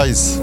Goiás.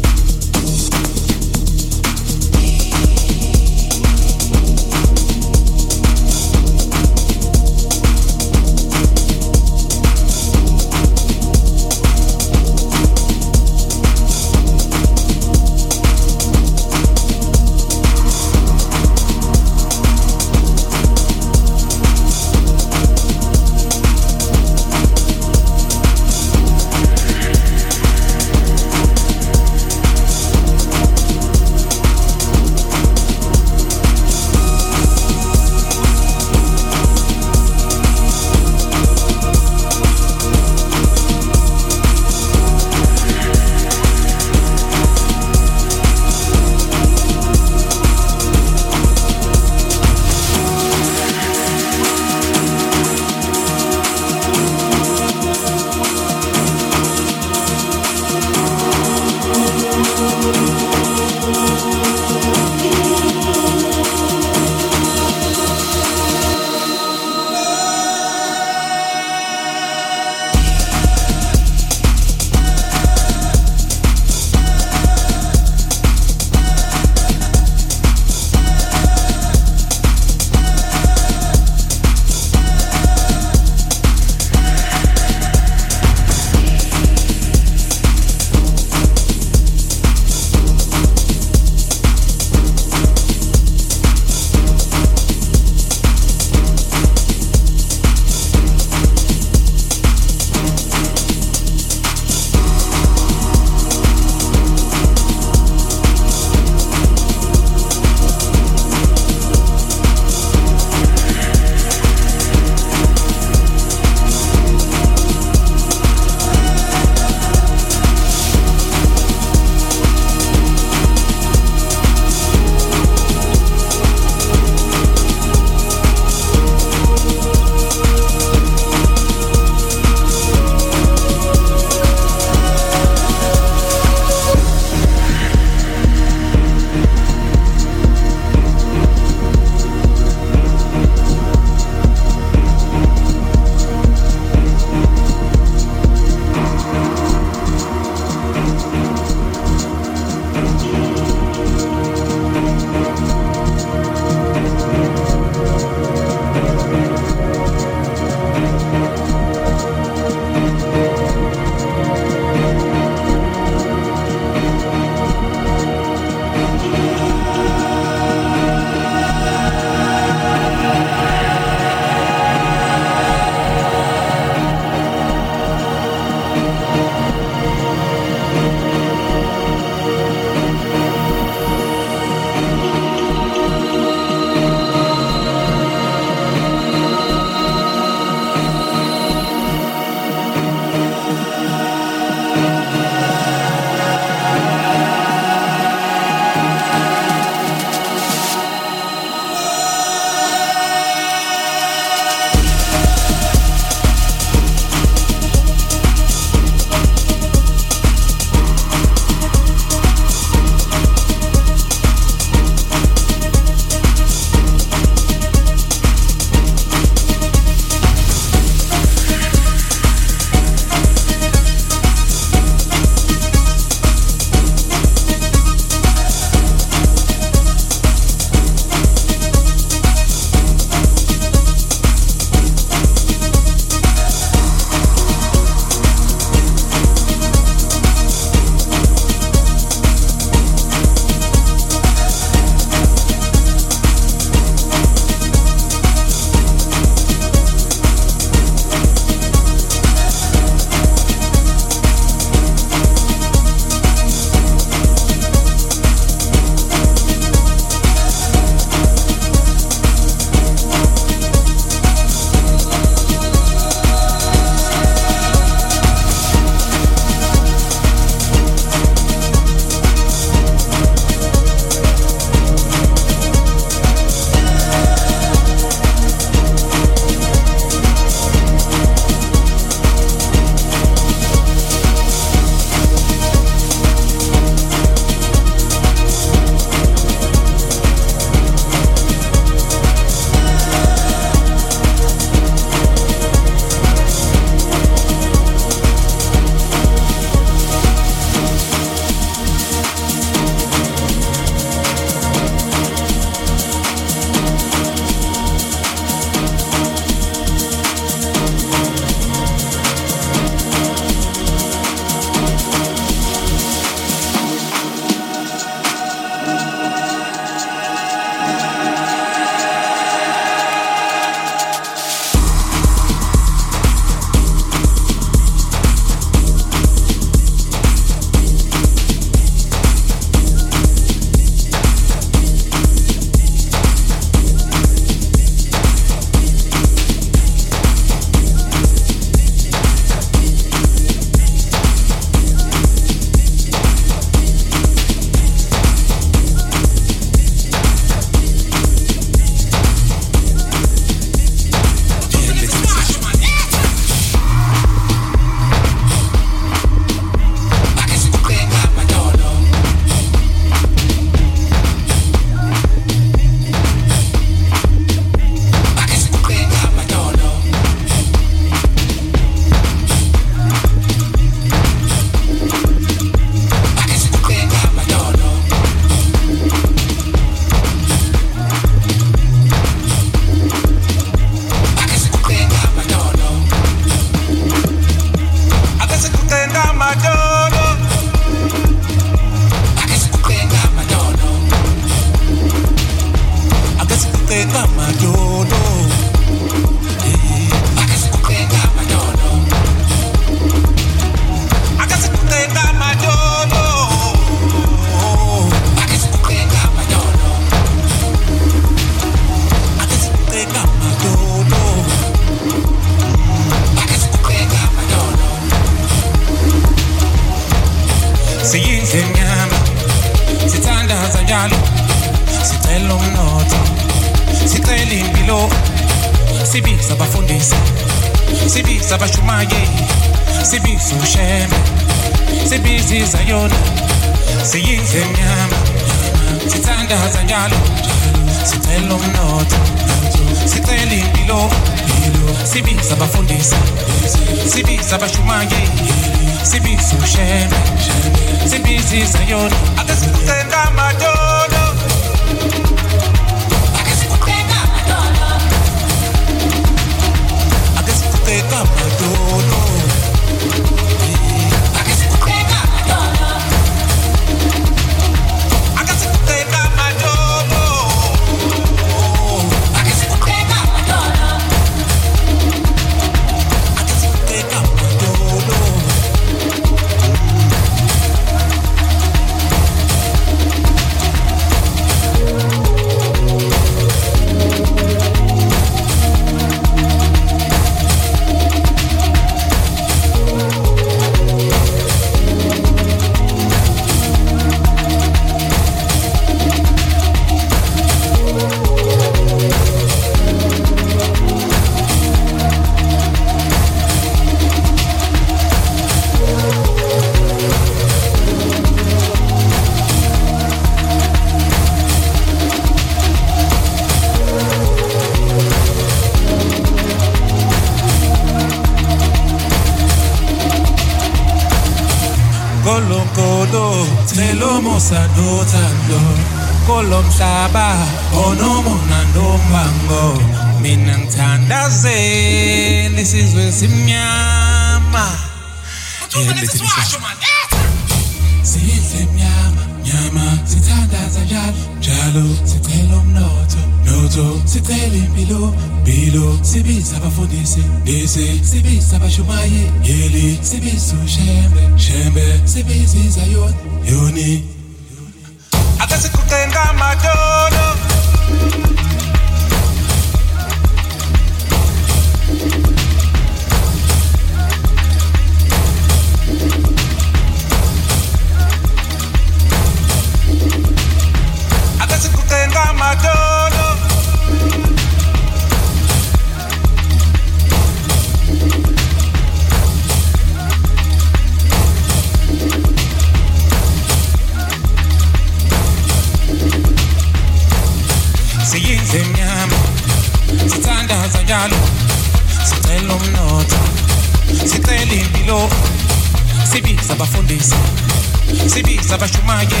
abashumaye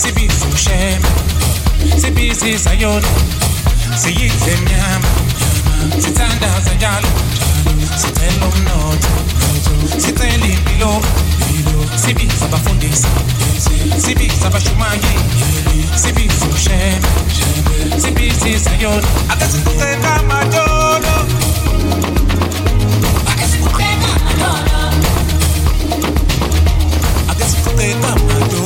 sibiza ubushema sibiziza yona siyitse mnyama sithandaza njalo sicela umnotho sicela impilo sibiza abafundisi sibiza abashumaye sibiza ubushema sibiziza yona akasikuceka madolo make my door.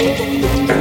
Thank you.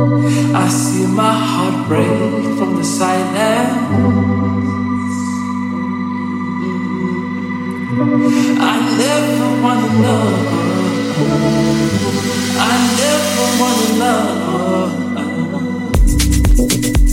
I see my heart break from the silence. I never wanna love. I never wanna love.